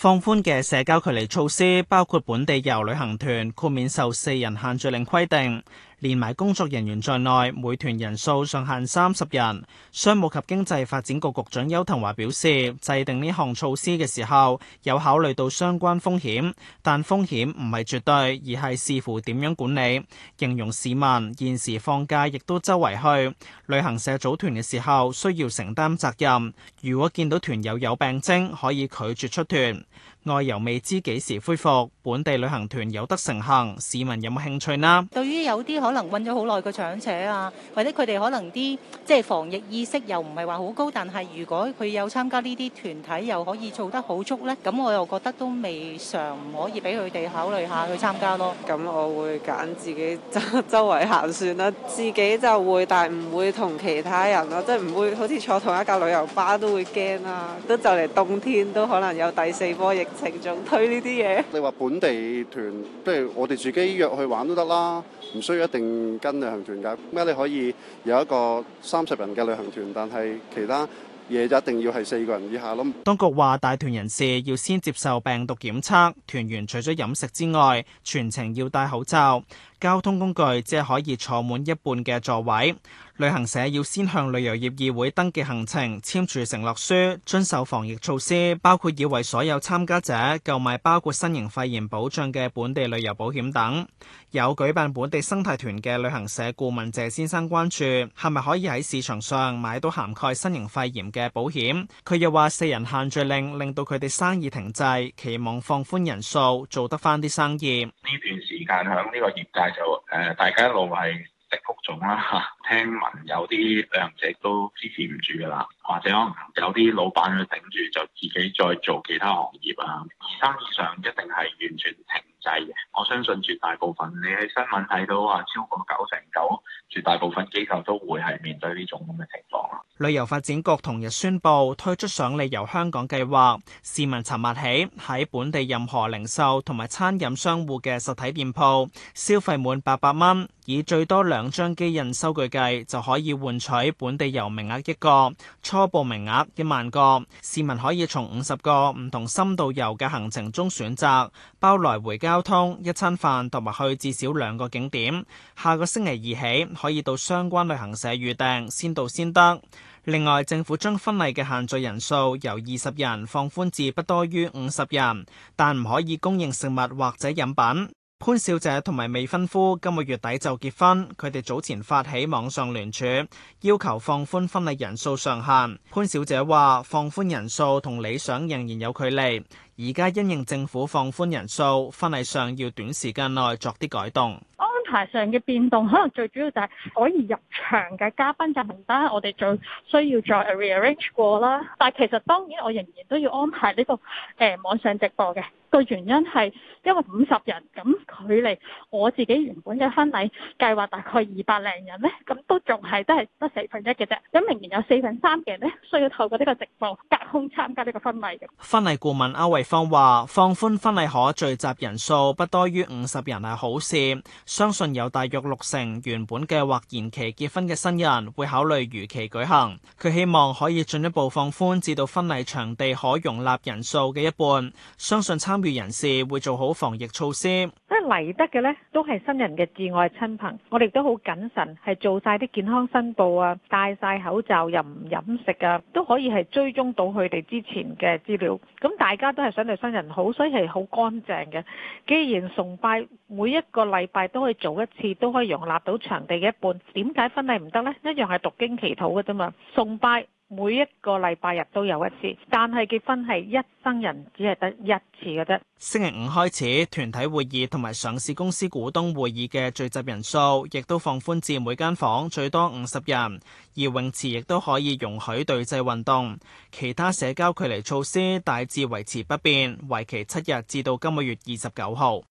放寬嘅社交距離措施包括本地遊旅行團豁免受四人限聚令規定。連埋工作人員在內，每團人數上限三十人。商務及經濟發展局局長邱騰華表示，制定呢項措施嘅時候，有考慮到相關風險，但風險唔係絕對，而係視乎點樣管理。形容市民現時放假亦都周圍去，旅行社組團嘅時候需要承擔責任。如果見到團友有病徵，可以拒絕出團。外遊未知幾時恢復，本地旅行團有得成行，市民有冇興趣呢？對於有啲可能揾咗好耐個長者啊，或者佢哋可能啲即係防疫意識又唔係話好高，但係如果佢有參加呢啲團體，又可以做得好足呢，咁我又覺得都未嘗唔可以俾佢哋考慮下去參加咯。咁我會揀自己周周圍行算啦，自己就會，但唔會同其他人咯，即係唔會好似坐同一架旅遊巴都會驚啊！都就嚟冬天，都可能有第四波疫情，仲推呢啲嘢。你話本地團不如我哋自己約去玩都得啦。唔需要一定跟旅行團㗎，咩你可以有一個三十人嘅旅行團，但係其他嘢就一定要係四個人以下咯。當局話，帶團人士要先接受病毒檢測，團員除咗飲食之外，全程要戴口罩，交通工具即係可以坐滿一半嘅座位。旅行社要先向旅遊業議會登記行程，簽署承諾書，遵守防疫措施，包括要為所有參加者購買包括新型肺炎保障嘅本地旅遊保險等。有舉辦本地生態團嘅旅行社顧問謝先生關注係咪可以喺市場上買到涵蓋新型肺炎嘅保險？佢又話四人限聚令令到佢哋生意停滯，期望放寬人數，做得翻啲生意。呢段時間響呢個業界就誒、呃，大家一路係食穀種啦聽聞有啲旅行社都支持唔住㗎喇，或者可能有啲老闆去頂住，就自己再做其他行業啊。生意上一定係完全停滯嘅，我相信絕大部分你喺新聞睇到話超過九成九，絕大部分機構都會係面對呢種咁嘅情況。旅遊發展局同日宣布推出「賞你遊香港」計劃，市民尋日起喺本地任何零售同埋餐飲商戶嘅實體店鋪消費滿八百蚊。以最多兩張機印收據計，就可以換取本地遊名額一個，初步名額一萬個。市民可以從五十個唔同深度遊嘅行程中選擇，包來回交通、一餐飯同埋去至少兩個景點。下個星期二起可以到相關旅行社預訂，先到先得。另外，政府將婚禮嘅限聚人數由二十人放寬至不多於五十人，但唔可以供應食物或者飲品。潘小姐同埋未婚夫今個月底就結婚，佢哋早前發起網上聯署，要求放寬婚禮人數上限。潘小姐話：放寬人數同理想仍然有距離，而家因應政府放寬人數，婚禮上要短時間內作啲改動。安排上嘅變動，可能最主要就係可以入場嘅嘉賓嘅名單，我哋最需要再 rearrange 過啦。但係其實當然，我仍然都要安排呢、這個誒、呃、網上直播嘅。個原因係因為五十人咁距離我自己原本嘅婚禮計劃大概二百零人呢，咁都仲係都係得四分一嘅啫。咁明年有四分三嘅人呢需要透過呢個直播隔空參加呢個婚禮嘅。婚禮顧問歐惠芳話：放寬婚禮可聚集人數不多於五十人係好事，相信有大約六成原本計劃延期結婚嘅新人會考慮如期舉行。佢希望可以進一步放寬至到婚禮場地可容納人數嘅一半，相信參。人士會做好防疫措施。即嚟得嘅呢，都係新人嘅至愛親朋。我哋都好謹慎，係做晒啲健康申報啊，戴晒口罩，又唔飲食啊，都可以係追蹤到佢哋之前嘅資料。咁大家都係想對新人好，所以係好乾淨嘅。既然崇拜，每一個禮拜都可以做一次，都可以容納到場地嘅一半。點解婚禮唔得呢？一樣係讀經祈禱嘅啫嘛。崇拜，每一個禮拜日都有一次，但係結婚係一生人只係得一次嘅啫。星期五開始，團體會議同埋上市公司股東會議嘅聚集人數，亦都放寬至每間房最多五十人，而泳池亦都可以容許對制運動，其他社交距離措施大致維持不變，為期七日至到今個月二十九號。